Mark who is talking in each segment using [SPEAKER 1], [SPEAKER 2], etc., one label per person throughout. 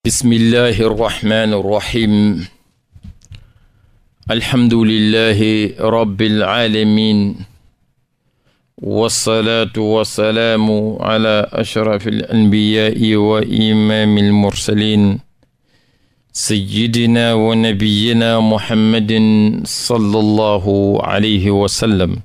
[SPEAKER 1] bismillahi irrahmani irrahim alhamdulillahi rabbil alamin wassalaatu wassalaamu ala ashrafi alanbiyaai wa imaami almursalin sayidina wa nabiyina muhammadin sallallahu alayhi wa sallam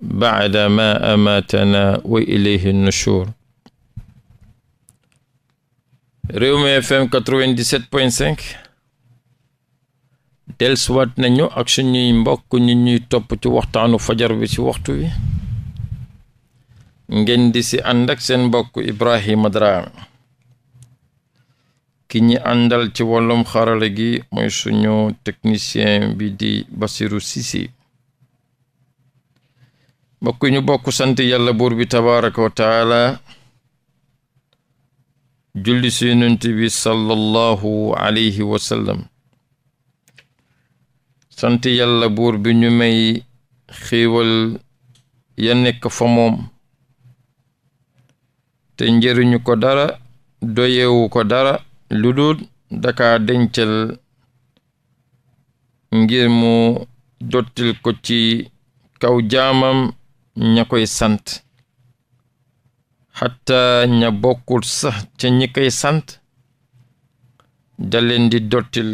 [SPEAKER 1] baada ma amatana wa ilayhi nushur Rewmi FM nañu ak suñuy mbokk ñu ñuy topp ci waxtaanu fajar bi ci waxtu wi ngeen di ci ànd seen mbokk Ibrahima Drame ki ñi àndal ci wàllum xarala gi mooy suñu technicien bi di Basiru Sisi mbokk ñu bokk sant yàlla buur bi tabaraka julli si yonent bi sallallahu alayhi wa sallam sant yàlla buur bi ñu may xiiwal ya moom te njëriñu ko dara doyewu ko dara lu dul dakaa dencal ngir mu dottil ko ci kaw jaamam ña sant xatta ña bokkul sax ca ñi sant da leen di dottil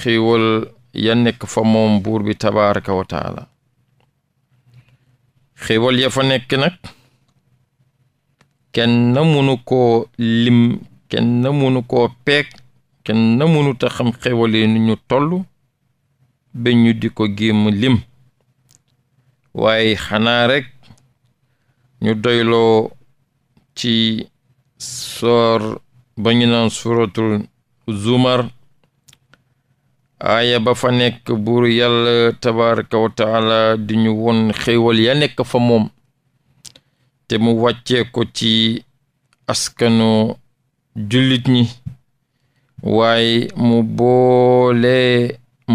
[SPEAKER 1] xiiwal ya nekk fa moom buur bi tabaraka wa taala xiiwal fa nekk nag kenn munu koo lim kenn munu koo peeg kenn munu ta xam xéwal yi ñu toll ba ñu di ko gémm lim waaye xanaa rekk ñu doyloo ci soor ba ñu naan suratul zumar aaya ba fa nekk buur yàlla tabaraka wa taala di ñu won xéewal ya nekk fa moom te mu wàccee ko ci askanu jullit ñi waaye mu boole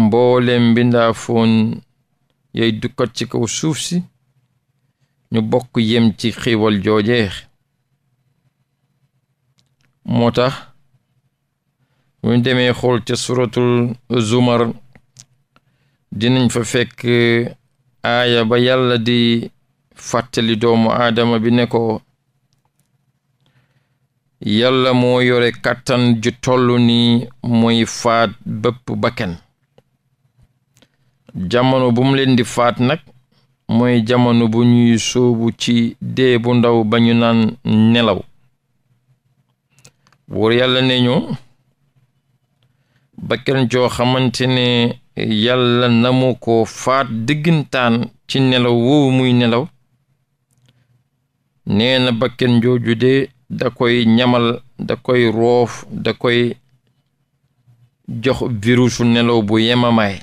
[SPEAKER 1] mboole mbindaafoon yay dukkat ci kaw suuf si ñu bokk yem ci xiiwal jooje moo tax buñ demee xool ca suratul zumar dinañ fa fekk aaya ba yàlla di fàttali doomu aadama bi ne ko yàlla moo yore kàttan ju toll ni moy faat bépp bakken jamono bu leen di faat nag mooy jamono bu ñuy suubu ci dee bu ndaw ba ñu naan nelaw buur yàlla ne ñu bakkan joo xamante ne yàlla mu ko faat diggantaan ci nelaw woowu muy nelaw nee na bakkan jooju de da koy ñamal da koy roof da koy jox virusu nelaw bu yemamaay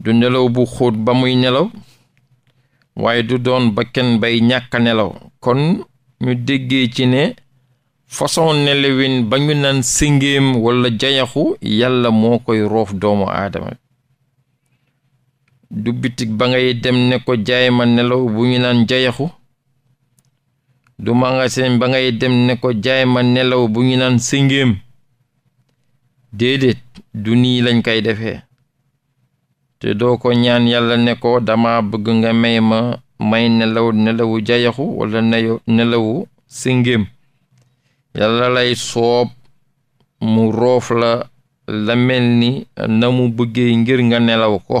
[SPEAKER 1] du nelaw bu xóot ba muy nelaw waaye du doon ba bakken bay ñàkk nelaw kon ñu déggee ci ne façon nelawin ba ñu naan sëngéem walla jayaxu yàlla moo koy roof doomu aadama du bitig ba ngay dem ne ko jaay nelaw bu ñu naan jayaxu du magasin ba ngay dem ne ko jaay nelaw bu ñu naan sëngéem déedéet du nii lañ koy defee te doo ko ñaan yàlla ne ko dama bëgg nga may ma may nelaw nelawu jayaxu walla neyo nelawu singéem yàlla lay soob mu roof la la mel ni namu mu bëggee ngir nga nelaw ko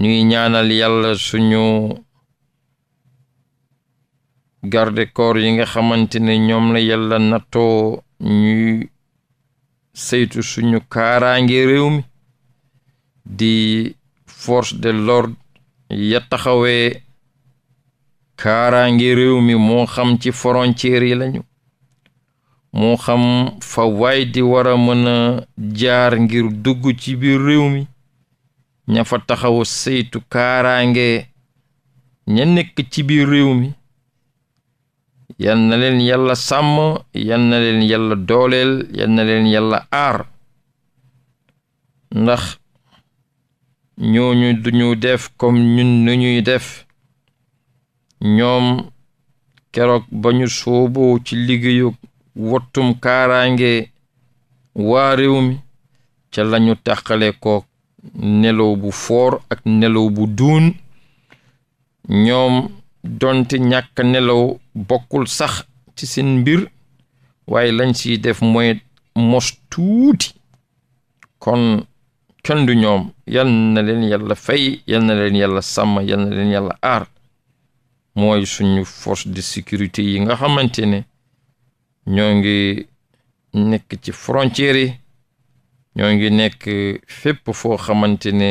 [SPEAKER 1] ñuy ñaanal yàlla suñu garde corps yi nga xamante ne ñoom la yàlla nattoo ñuy saytu suñu kaaraange réew mi di force de l'ordre ya taxawe kaaraange réew mi moo xam ci frontière yi lañu moo xam fa waay di war a mën jaar ngir dugg ci biir réew mi ñafa fa taxaw saytu kaaraange ña ci biir réew mi yal na sàmm yal na leen yàlla dooleel yal na leen aar ndax ñooñu duñu def kom ñun nu def ñoom keroog ba ñu sooboo ci liggéeyu wottum kaaraange waa ca lañu tàqale ko nelaw bu foor ak nelaw bu duun ñoom donte ñàkk nelaw bokkul sax ci seen mbir waaye lañ ci def mooy mos kon kenn du ñoom yal na leen yàlla fay yal na leen yàlla sàmm yal leen yàlla aar mooy suñu force de sécurité yi nga xamante ne ñoo ngi nekk ci frontières yi ñoo ngi nekk fépp foo xamante ne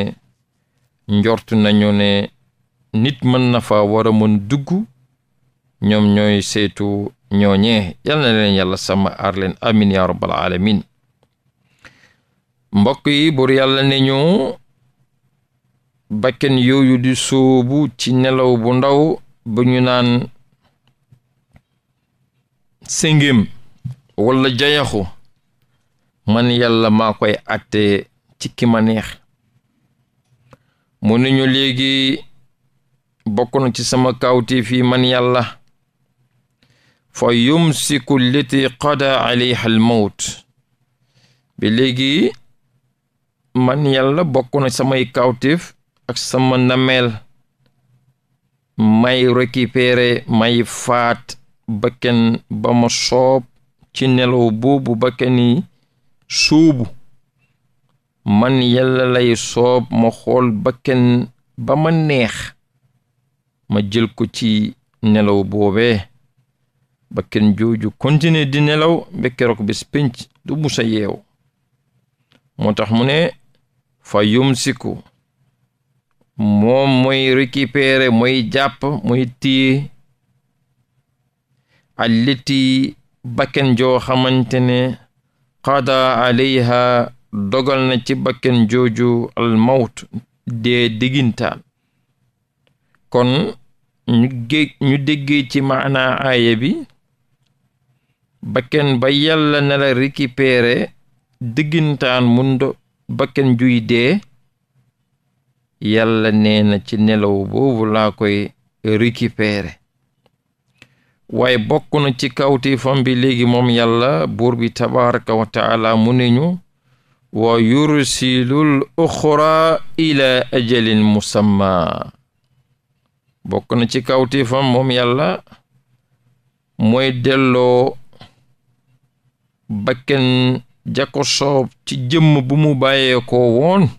[SPEAKER 1] njort nañu ne nit mën na fa war a mën dugg ñoom ñooy saytu ñooñee yal leen yàlla sàmm aar leen amin ya rabbal alamin mbokk yi buur yàlla ne ñu bakken yooyu di sóobu ci nelaw bu ndaw bu ñu naan sëngéem wala jayaxu man yàlla maa koy àtte ci ki ma neex mu ne ñu léegi bokk na ci sama kawti fi man yàlla fa yumsiku lati qada alayha al bi léegi man yàlla bokk na samay kawtif ak sama nameel may récupérer may faat bakken ba ma soob ci nelaw boobu bakken yi suubu man yàlla lay soob ma xool bakken ba ma neex ma jël ko ci nelaw boobee bakken jooju continuer di nelaw ba keroog bis pénc du musa yeew moo tax mu ne fa yumsiku moom mooy récupérer mooy jàpp moy téye alliti bakken joo xamante ne qada alayha dogal na ci bakken jooju almawt dee diggintaan kon ñu gé ñu déggee ci maanaa aaya bakken ba yàlla na la diggintaan mun bakken juy dee yàlla nee ci nelaw boobu laa koy récupérer waaye ci kawti fam bi léegi moom yàlla buur bi tabaraka wa taala mu ne ñu wa yursilul uxra ila ajalin musamma bokk na ci kawti fam moom yàlla mooy delloo bakken ja ko soob ci jëmm bu mu bàyyeekoo woon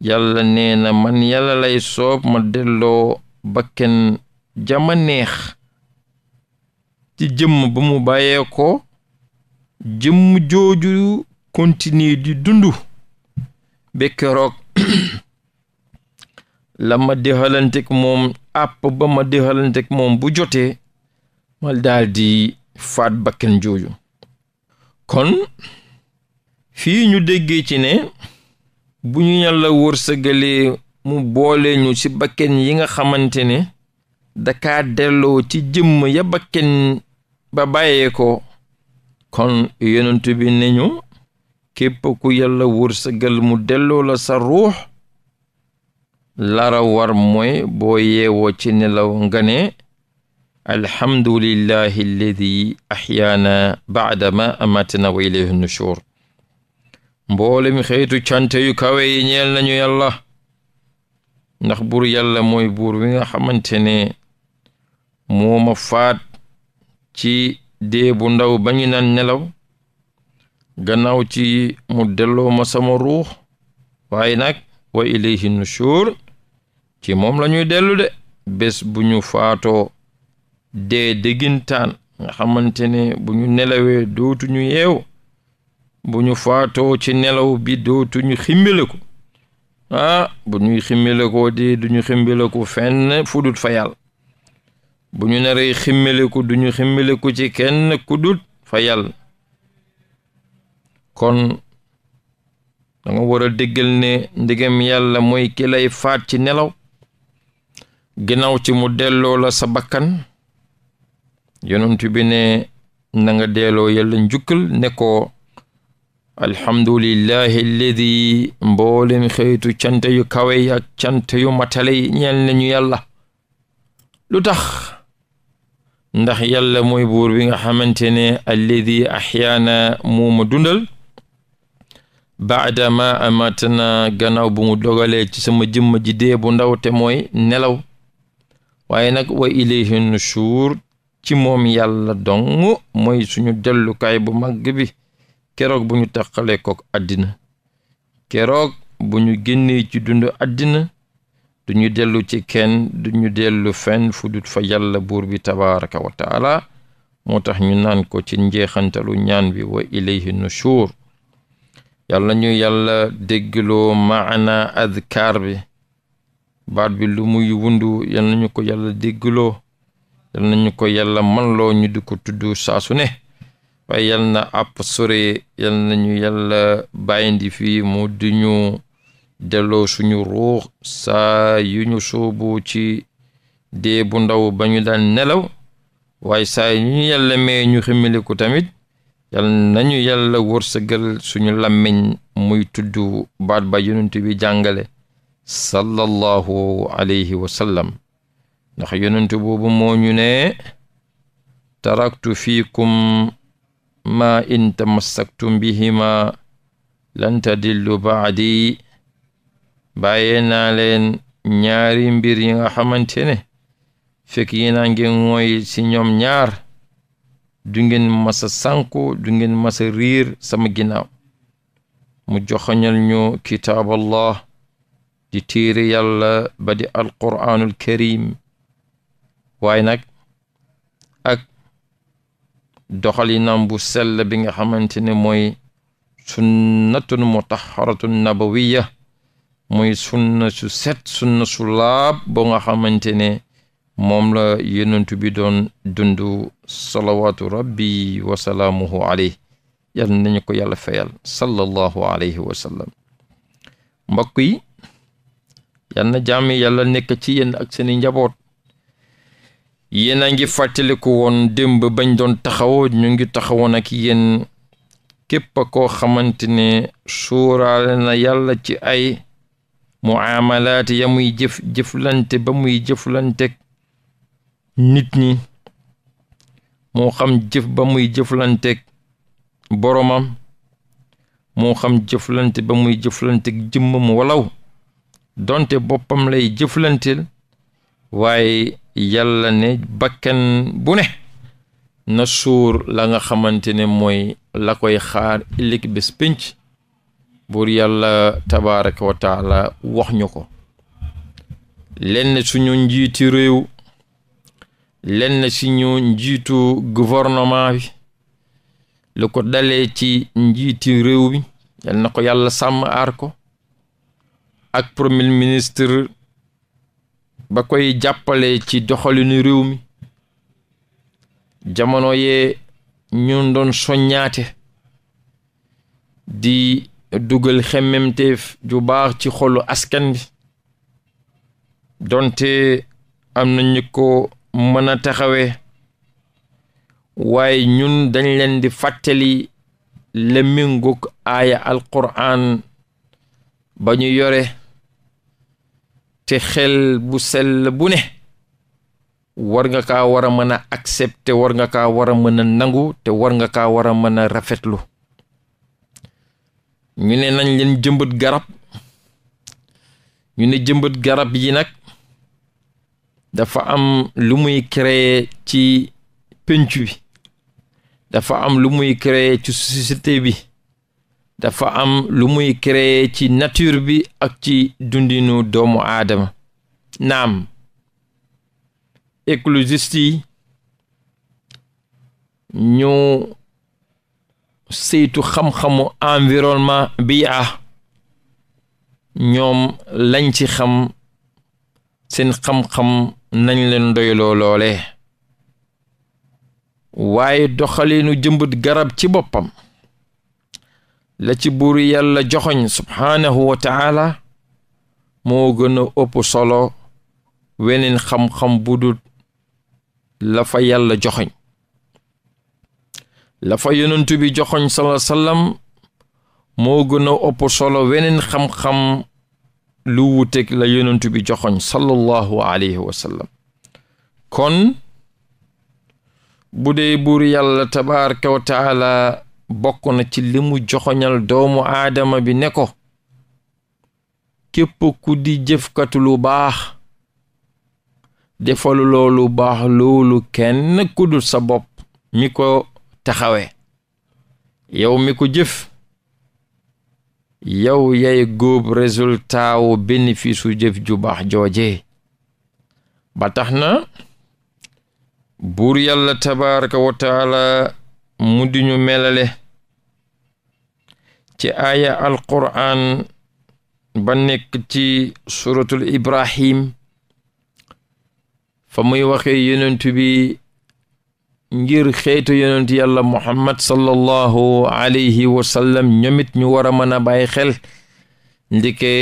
[SPEAKER 1] yàlla nee na man yàlla lay soob ma delloo bakken jama ci jëmm bu mu bàyyee jëmm jooju continuer di dundu ba keroog la ma dexalanteeg moom àpp ba ma dexalanteeg moom bu jotee ma daldi faat bakken jooju kon fii ñu déggee ci ne bu ñu yàlla wërsëgalee mu boole ñu ci bakken yi nga xamante ne dakaa delloo ci jëmm ya bakken ba bàyyee kon yonent bi ne ñu képp ku yàlla wërsëgal mu delloo la sa ruux lara war mooy boo yeewoo ci nelaw nga ne alhamdulillahi alladi axyaana baadama amatana wa ilayhi nushur mboole mi xeetu cant yu kawe yi ñeel nañu yàlla ndax buur yàlla mooy buur wi nga xamante ne mooma faat ci dee bu ndaw ba ñu naan nelaw gannaaw ci mu delloo ma sama ruux waaye nag wa ilayhi nushur ci moom lañuy ñuy dellu bu ñu faatoo dee dëggintaan nga xamante ne bu ñu nelawee dootuñu yeew bu ñu faatoo ci nelaw bi dootuñu ximmile ko ah bu ñuy ximmile ko duñu ximmile ko fenn ñu naree ximmile ci kenn ku dut fa yàlla kon da nga war a déggal ne ndegem yàlla mooy kilay faat ci nelaw ginnaaw ci mu delloo la sa bakkan yonent bi ne na nga delloo njukkal ne ko alhamdulillahi alladi mboolem xëytu cant yu kawe yi ak cant yu matale yi ñeel nañu yàlla lu tax ndax yàlla mooy buur bi nga xamante ne alladi axyaana muuma dundal baadama ma amatana gannaaw bu mu dogalee ci sama jëmm ji dee bu ndaw te mooy nelaw waaye nag wa ilayhi nushur ci moom yàlla dong mooy suñu dellukaay bu màgg bi keroog bu ñu taqalee ko àddina keroog bu ñu génnee ci dund àddina duñu ñu dellu ci kenn duñu ñu dellu fenn fu dut fa yàlla buur bi tabaraka wa moo tax ñu naan ko ci njeexantalu ñaan bi wa ilayhi nushur yàlla ñu yàlla déggloo maana adkaar bi baat bi lu muy wundu yal nañu ko yàlla déggloo yal nañu ko yàlla man ñu di ko tuddu saa su ne waaye yal na àpp sore yal nañu yàlla bàyyindi fii mu di delloo suñu ruux saa yu ñu ci dee bu ndaw ba ñu daan nelaw waaye saa yu ñu yàlla mee ñu ximmiliku tamit yal nañu yàlla wërsëgal suñu làmmiñ muy tudd baat ba yonent bi jàngale sallallahu alayhi wa sallam ndax yonent boobu moo ñu ne taraktu fiikum ma in tamassaktum bihima lan tadillu baadi bàyyee naa leen ñaari mbir yi nga xamante ne fekk yéena ngeen mooy ci ñoom ñaar du ngeen masa sànku du ngeen masa riir sama ginnaaw mu joxoñal ñu kitaaballah di téere yàlla ba di alquraanul karim waaye nag ak doxalinam bu sell bi nga xamante ne mooy sunnatun mutahharatun nabawiyya muy sunna su set sunna su laab ba nga xamante ne moom la yonent bi doon dundu salawaatu rabbi wa salaamuhu alayhi yal nañu ko yàlla fayal sallallahu alayhi wa sallam mbokk yi yal na jàmm yàlla nekk ci yéen ak seeni njaboot yéen a ngi fàttaliku woon démb bañ doon taxawoo ñu ngi taxawoon ak yéen képp koo xamante ne suurale na yàlla ci ay muamalaat ya muy jëf jëflante ba muy jëflanteeg nit ñi moo xam jëf ba muy jëflanteeg boromam moo xam jëflante ba muy jëflanteeg jëmmam walaw donte boppam lay jëflanteel waaye yàlla ne bakkan bu ne na suur la nga xamante ne mooy la koy xaar ëllëg bés pénc buur yàlla tabaraka wa taala wax ñu ko lenn suñu njiiti réew lenn suñu njiitu gouvernement bi lu ko dalee ci njiiti réew bi ko yàlla sàmm arko ak premier ministre ba koy jàppale ci doxalinu réew mi jamono yee ñun doon soññaate di dugal xemmemteef ju baax ci xolu askan bi donte am na ñu ko mën a taxawee waaye ñun dañ leen di fàttali lemminguk aaya alquran ba ñu yore te xel bu sell bu ne war nga kaa war a mën a te war nga kaa war a mën a nangu te war nga kaa war a mën a rafetlu ñu ne nañ leen jëmbat garab ñu ne jëmbat garab yi nag dafa am lu muy créer ci penc bi dafa am lu muy créer ci société bi dafa am lu muy créer ci nature bi ak ci dundinu doomu aadama naam écologistes yi ñu saytu xam-xamu environnement bi ah ñoom lañ ci xam seen xam-xam nañ leen doyloo loole waaye doxalinu jëmbët garab ci boppam la ci buur yàlla joxoñ subhaanahu wa taala moo gën a solo weneen xam-xam bu dul la yàlla joxoñ lafa fa bi joxoñ sala sallam moo gën a solo weneen xam-xam lu wuteeg la yonent joxoñ sallallahu alayhi wa kon bu dee buur tabaaraka wa bokk na ci limu joxoñal doomu aadama bi ne ko képp ku di jëfkatu lu baax defalu loolu baax loolu kenn ku dul sa bopp mi ko taxawee yow mi ko jëf yow yay góob résultat wu bénéfice jëf ju baax jooje ba tax na buur yàlla tabaraka wa mu di ñu melale ci aaya alqur'an ba nekk ci suratul ibrahim fa muy waxe yonent bi ngir xeetu yonent yàlla muhammad sallallahu alayhi wa sallam ñoomit ñu war a mën a bàyyi xel ndike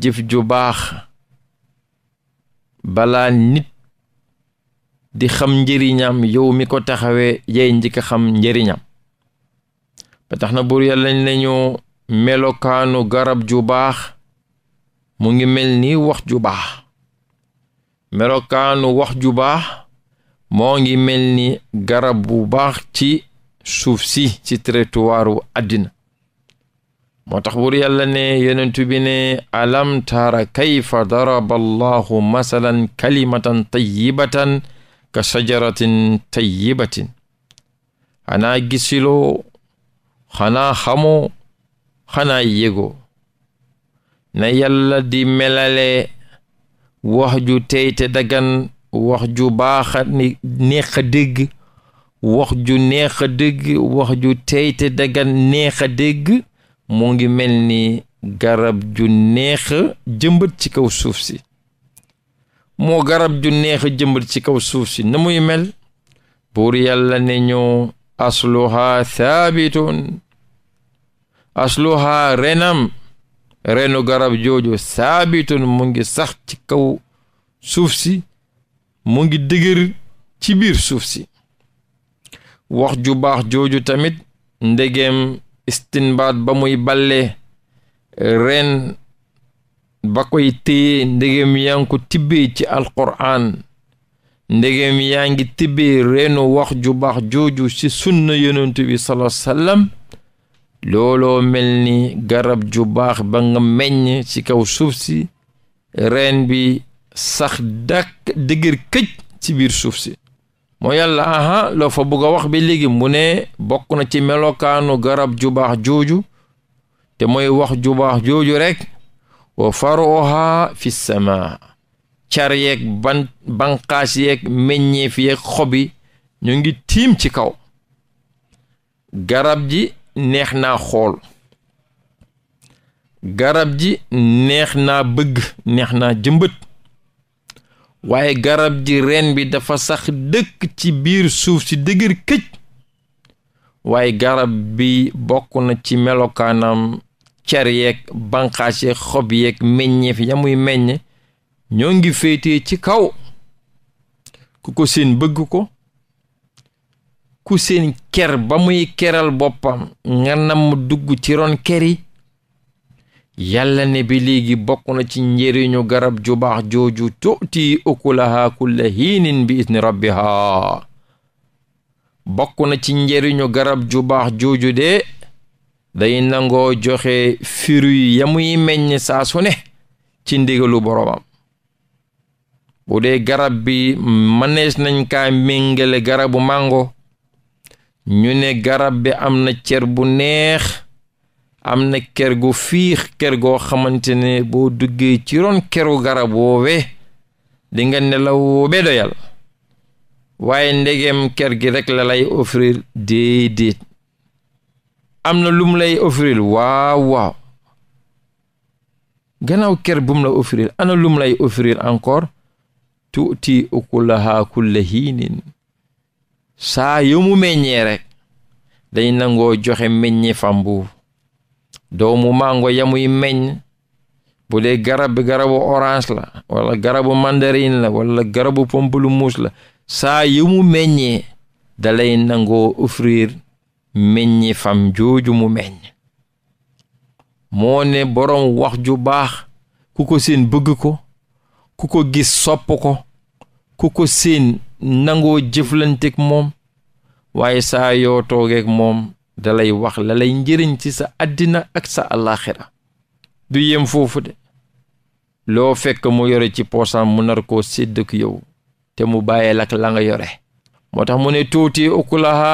[SPEAKER 1] jëf ju baax balaa nit di xam njëriñam yow mi ko taxawee yay njëkk a xam njëriñam ba tax na buur yàlla nañu melokaanu garab ju baax mu ngi mel ni wax ju baax melokaanu wax ju baax moo ngi mel ni garab wu baax ci suuf si ci trottoiru àddina moo tax buur yàlla ne yonent bi ne alam taara kayfa daraba masalan kalimatan tayyibatan ka sajaratin tayyibatin xanaa gisiloo xanaa xamoo xanaa yégoo na yàlla di melale waxju ju tey te dagan wax ju baax a neex a dagan neex a mu ngi mel ni garab ju neexa jëmbët ci kaw suuf si moo garab ju neex a jëmbat ci kaw suuf si na muy mel buur yàlla ne ñu asluha thaabitun asluha renam renu garab jooju saabitun mu ngi sax ci kaw suuf si mu ngi dëgër ci biir suuf si wax ju baax jooju tamit ndegeem istinbaat ba muy balle ren ba koy téye ndegem yaa ngi ko tibbee ci alquraan ndegem yaa ngi tibbee reenu wax ju baax jooju ci sunna yonent bi sallallahu alayhi looloo mel ni garab ju baax ba nga meññ ci kaw suuf si reen bi sax dàkk dëgër këj ci biir suuf si moo yàlla aha loo fa bugg wax bi léegi mu ne bokk na ci melokaanu garab ju baax jooju te mooy wax ju baax jooju rekk wa faruha fi sama car yeeg ban banqaas yeek meññeef yeeg xobi ñu ngi tiim ci kaw garab ji neex naa xool garab ji neex naa bëgg neex na jëmbët waaye garab ji reen bi dafa sax dëkk ci biir suuf si dëgër këj waaye garab bi bokk na ci melokaanam car yeeg banqaas xob yeeg meññeef ya muy meññe ñoo ngi féete ci kaw ku ko seen bëgg ko ku seen ker ba muy keral boppam nga nam dugg ci ron ker yi yàlla ne bi léegi bokk na ci njëriñu garab ju baax jooju tuuti ukulaha kulla hiinin bi isni rabbiha bokk na ci njëriñu garab ju baax de day nangoo joxe fruit ya muy meññ saa su ne ci ndigalu boromam bu dee garab bi manees nañ kaa méngale garabu màngo ñu ne garab bi am na cer bu neex am na ker gu fiix ker goo xamante ne boo duggee ci ron keru garab woowe di nga nelaw be doyal waaye ndegem ker gi rekk la lay offrir déedéet am na lum mu lay offrir waaw waaw gannaaw kër bu la offrir ana lu lay offrir encore tuuti ukulaha kulla hiinin saa yu mu meññee rekk day nangoo joxe meññe fambu doomu mango yamuy meññ bu dee garab garabu orange la walla garabu mandarine la wala garabu pamplemousse la saa yu mu meññee dalay nangoo offrir meññi fam jooju mu meññ moo ne boroom wax ju baax ku ko seen bëgg ko ku ko gis sopp ko ku ko seen nangoo jëflanteek moom waaye saa yoo toogeek moom dalay wax lalay njëriñ ci sa àddina ak sa alaxira du yem foofu de loo fekk mu yore ci poosam mu nar ko sédd ak yow te mu bàyyee lak la nga yore moo tax mu ne tuuti ukulaha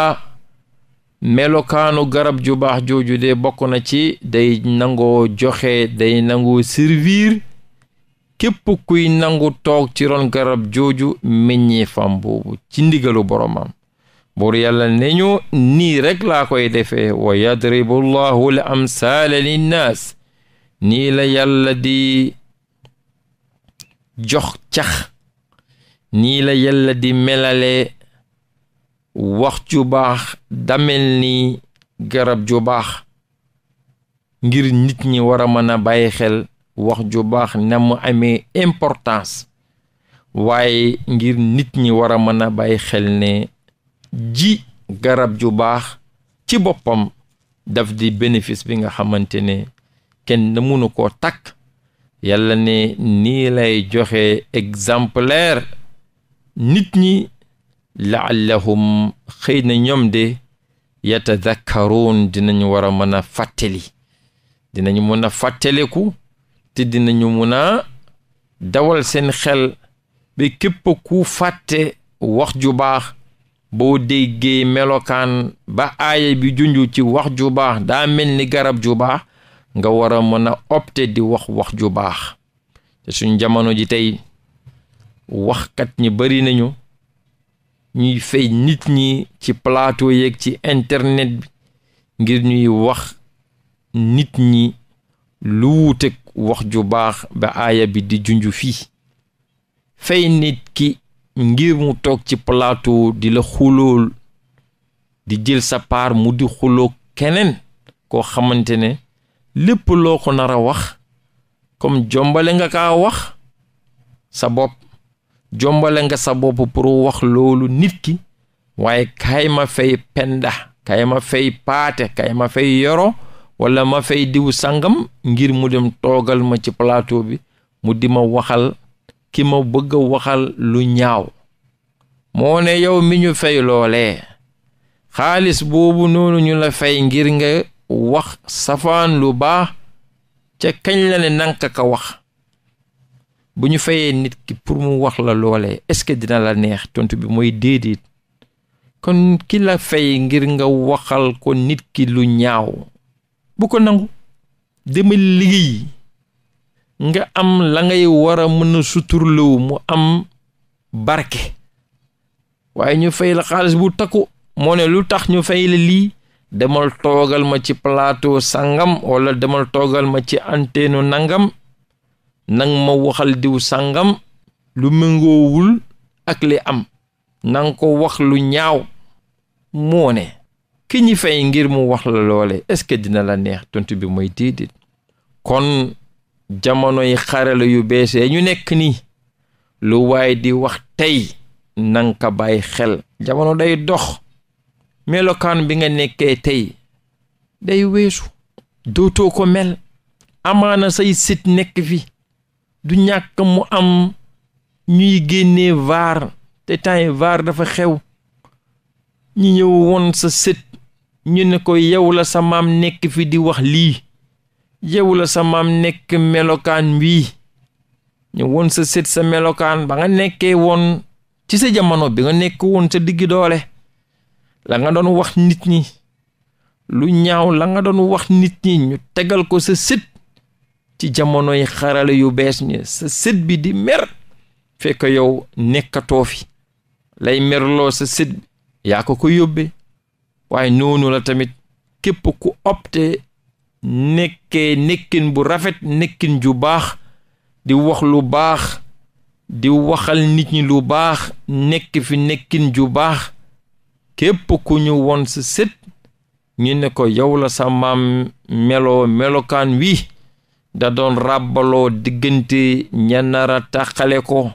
[SPEAKER 1] melokaanu garab ju baax jooju de bokk na ci day nangoo joxe day nangu servir képp kuy nangu toog ci ron garab jooju meññee fam boobu ci ndigalu boromam buur yàlla ne ñu nii rekk laa koy defe wa yadribu llahu l amsaala linnaas nii la yàlla di jox cax nii la yàlla di melale wax ju baax damel ni garab ju baax ngir nit ñi war a mën bàyyi xel wax ju baax na mu amee importance waaye ngir nit ñi wara mëna bàyyi xel ne ji garab ju baax ci boppam daf di bénéfice bi nga xamante ne kenn na mënu koo takk yàlla ne nii lay joxe exemplaire nit ñi laallahum xëy na ñoom de yatadakkaruun dinañu war a mën a fàttali dinañu mën a fàttaliku te dinañu mën a dawal seen xel ba képp ku fàtte wax ju baax boo déggee melokaan ba aaya bi junju ci wax ju baax daa mel ni garab ju baax nga war a mën a opte di wax wax ju baax te suñ jamono ji tey waxkat ñi bari nañu ñuy fay nit ñi ci plateau yeeg ci internet bi ngir ñuy wax nit ñi lu wuuteg wax ju baax ba aaya bi di junj fii fay nit ki ngir mu toog ci plateau di la xulool di jël sa paar mu di xuloo keneen koo xamante ne lépp loo ko nar a wax comme jombale nga kaa wax sa bopp jombale nga sa bopp pour wax loolu nit ki waaye kaay ma fay penda kaay ma fay paate kaay ma fay yoro walla ma fay diw sangam ngir mu dem toogal ma ci plateau bi mu di ma waxal ki ma bëgg waxal lu ñaaw moo ne yow mi ñu fay loolee xaalis boobu noonu ñu la fay ngir nga wax safaan lu baax ca kañ la ne nanka ka wax bu ñu fayee nit ki pour mu wax la loole est-ce que dina la neex tontu bi mooy déedéet kon ki la fay ngir nga waxal ko nit ki lu ñaaw bu ko nangu demal liggéey nga am la ngay war a mën a suturloo mu am barke waaye ñu fay la xaalis bu takku moo ne lu tax ñu fay la lii demal toogal ma ci plateau sangam walla demal toogal ma ci antenne nangam nang ma waxal diw sàngam lu méngoowul ak li am nang ko wax lu ñaaw moo ne ki ñi fay ngir mu wax la loole est-ce que dina la neex tontu bi mooy déedéet kon jamonoy xarala yu bees ñu nekk nii lu waay di wax tey nanga ka bàyyi xel jamono day dox melokaan bi nga nekkee tey day weesu dootoo ko mel amaana say sit nekk fi du ñàkk mu am ñuy génne vaar te temps vaar dafa xew ñu ñëw woon sa sët ñu ne ko yow la sa maam nekk fi di wax lii yow sa maam nekk melokaan wii ñu woon sa sët sa melokaan ba nga nekkee woon ci sa jamono bi nga nekk woon ca digg doole la nga doon wax nit ñi lu ñaaw la nga doon wax nit ñi ñu tegal ko sa sët ci jamonoy xarala yu bees ñi sa sët bi di mer fekk yow nekkatoo fi lay merloo sa sët yaa ko ko yóbbee waaye noonu la tamit képp ku opte nekkee nekkin bu rafet nekkin ju baax di wax lu baax di waxal nit ñi lu baax nekk fi nekkin ju baax képp ku ñu won sa sët ñu ne ko yow la sa maam meloo melokaan wi da doon ràbbaloo diggante ña nara ko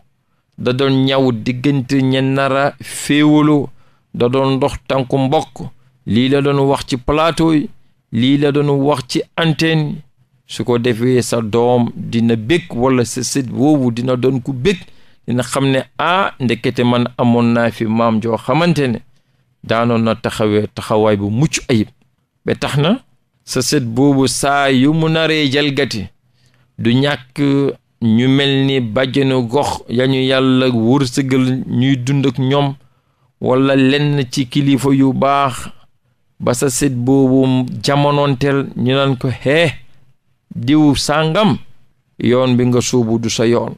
[SPEAKER 1] da doon ñaw diggante ña nara féewaloo da doon dox tànku mbokk lii la doon wax ci plateau yi lii la doon wax ci antenne su ko defee sa doom dina bëgg walla sa sët woowu dina doon ku bëgg dina xam ne aa ah, ndekete man amoon naa fi maam joo xamante ne daanoon na taxawee taxawaay bu mucc ayib ba tax na sa set boobu saa yu mu naree jalgati du ñàkk ñu mel ni bàjjenu gox ya ñu yàlla wërsëgal ñuy dund ñoom wala lenn ci kilifa yu baax ba sa set boobu jamonoonteel ñu naan ko hee diw sàngam yoon bi nga sóobu du sa yoon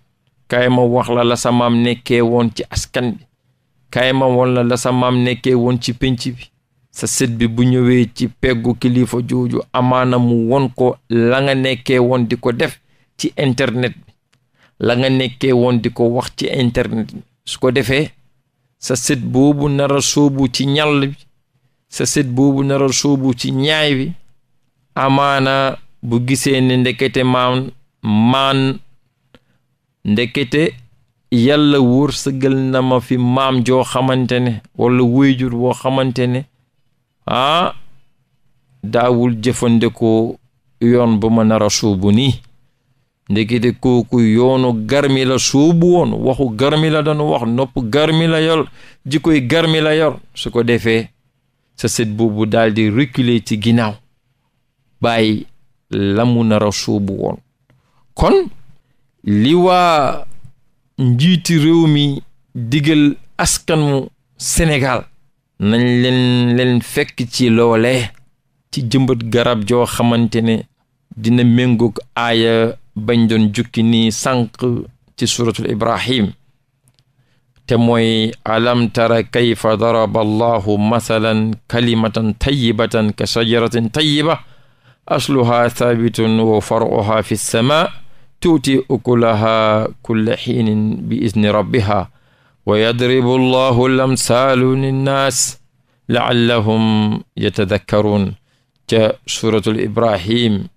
[SPEAKER 1] kaay ma wax la la sa maam nekkee woon ci askan bi kaay ma woon la sa maam nekke woon ci pénc bi sa sët bi bu ñëwee ci peggu kilifa jooju amaana mu won ko la nga nekkee woon di ko def ci internet bi la nga nekkee woon di ko wax ci internet bi su ko defee sa sët boobu nar soobu ci ñàll bi sa sët boobu nara a soobu ci ñaay bi amaana bu gisee ne ndekete maan ndekete yàlla wóor sëgal na ma fi maam joo xamante ne wala wéyjur woo xamante ne ah daawul jëfandikoo yoon ba ma nara a suubu nii ndekete kooku yoonu garmi la suubu woon waxu garmi la dañu wax nopp garmi la yor jikkoy garmi la yor su ko defee sa set boobu daldi di ci ginnaaw bàyyi lamu nara nar a suubu woon kon li waa njiiti réew mi digal askan mu Sénégal nañ len len fekk ci loole ci jëmbat garab joo xamante ne dina méngoog aaya bañ doon jukki nii sànq ci suratul ibrahim te mooy alam tara kayfa daraba allahu masalan kalimatan tayyibatan ka shajaratin tayyiba asluha thabitun wa faruha fi lsama tuuti ukulaha kulla xiinin bi izni rabbiha wa yadribu allahu lamsaalu linnaas laallahum yatadakkaruun ca suratul ibrahim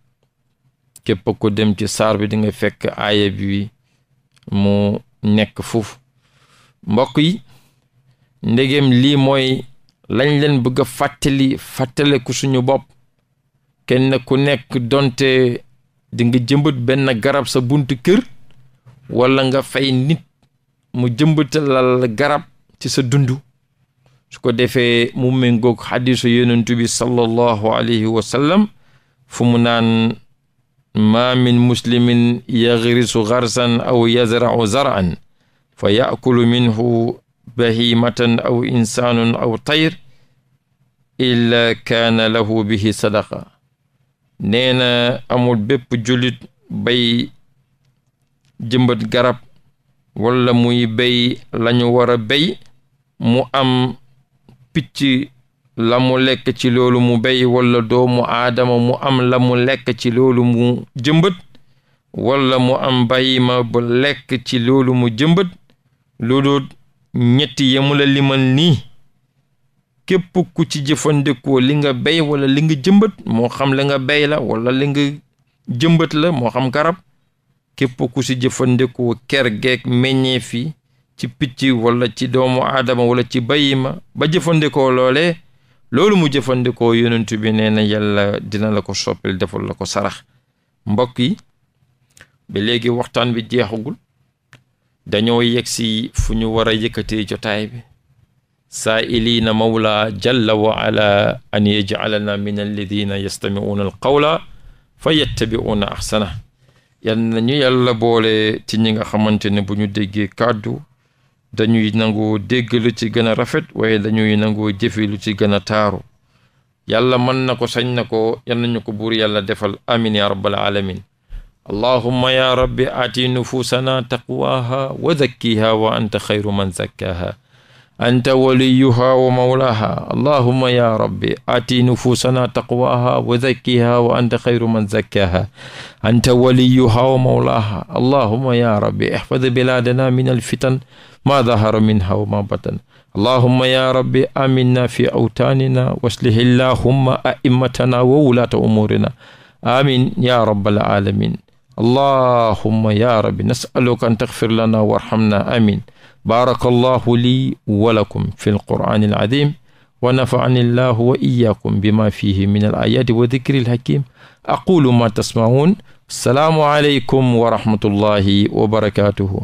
[SPEAKER 1] képp ku dem ci saar bi di nga fekk aaya bi mu nekk foofu mbokk yi ndegem lii mooy lañ leen bëgg a fàttali ku suñu bopp kenn ku nekk donte di nga jëmbat benn garab sa buntu kër wala nga fay nit mu jëmbatalal garab ci sa dundu su ko defee mu méngoog xadisu yonentu alayhi wa fu mu naan maa min muslimin yagrisu garsan aw yazra'u zar'an fa yaakulu minhu bahimatan aw insaanun aw tayr illa kaana lahu bihi sadaqa nee amul bépp jullit bay jëmbat garab walla muy béy lañu war a béy mu am picc la mu lekk ci loolu mu béy wala doomu aadama mu am la mu lekk ci loolu mu jëmbët wala mu am bayima ba lekk ci loolu mu jëmbët loolu ñetti yemu la limal nii képp ku ci jëfandikoo li nga béy walla li nga jëmbët moo xam li nga béy la wala li nga jëmbët la moo xam garab képp ku si jëfandikoo ker geeg meññeef ci picc walla ci doomu aadama wala ci bayima ba jëfandikoo loole loolu mu jëfandikoo yonent bi nee na yàlla dina la ko soppil defal la ko sarax mbokk yi ba léegi waxtaan bi jeexagul dañoo yegg si fu ñu war a yëkkatee jotaay bi saa'iliina mawla jalla wa ala an yaj'alana min alladina yastami'una alqawla fa yattabi'una ahsana yal nañu yàlla boole ci ñi nga xamante ne bu ñu déggee kàddu dañuy nangoo dégg lu ci gën a rafet waaye dañuy nangoo jëfe lu ci gën a taaru yàlla mën na ko sañ na ko yal nañu ko buur yàlla defal amin ya rabbal alamin allahumma ya rabbi aati nufuusanaa taqwaaha wa zakkiha wa anta xayru man zakkaha anta waliyuha wa mawlaha allahuma ya rabbi ati nufuusana taqwaha wa zakkiha wa anta xayru man zakkaha anta waliyuha wa mawlaha allahuma ya rabbi ihfad biladana min alfitan ma dahara minha wa ma batan allahuma ya rabbi aminna fi awtaanina waslih illahumma a'immatana wa wulaata umuurina amin ya rabbal alamin allahuma ya rabbi nasaluka an taghfir lana warhamna amin baaraka allahu lii walakum fi lqur'ani alazim wa nafaani allahu wa iyaakum bima fihi min al ayaati wa dikri alhakim aqulu ma tasmaun salaamu aleykum wa rahmatullahi wa barakatuhu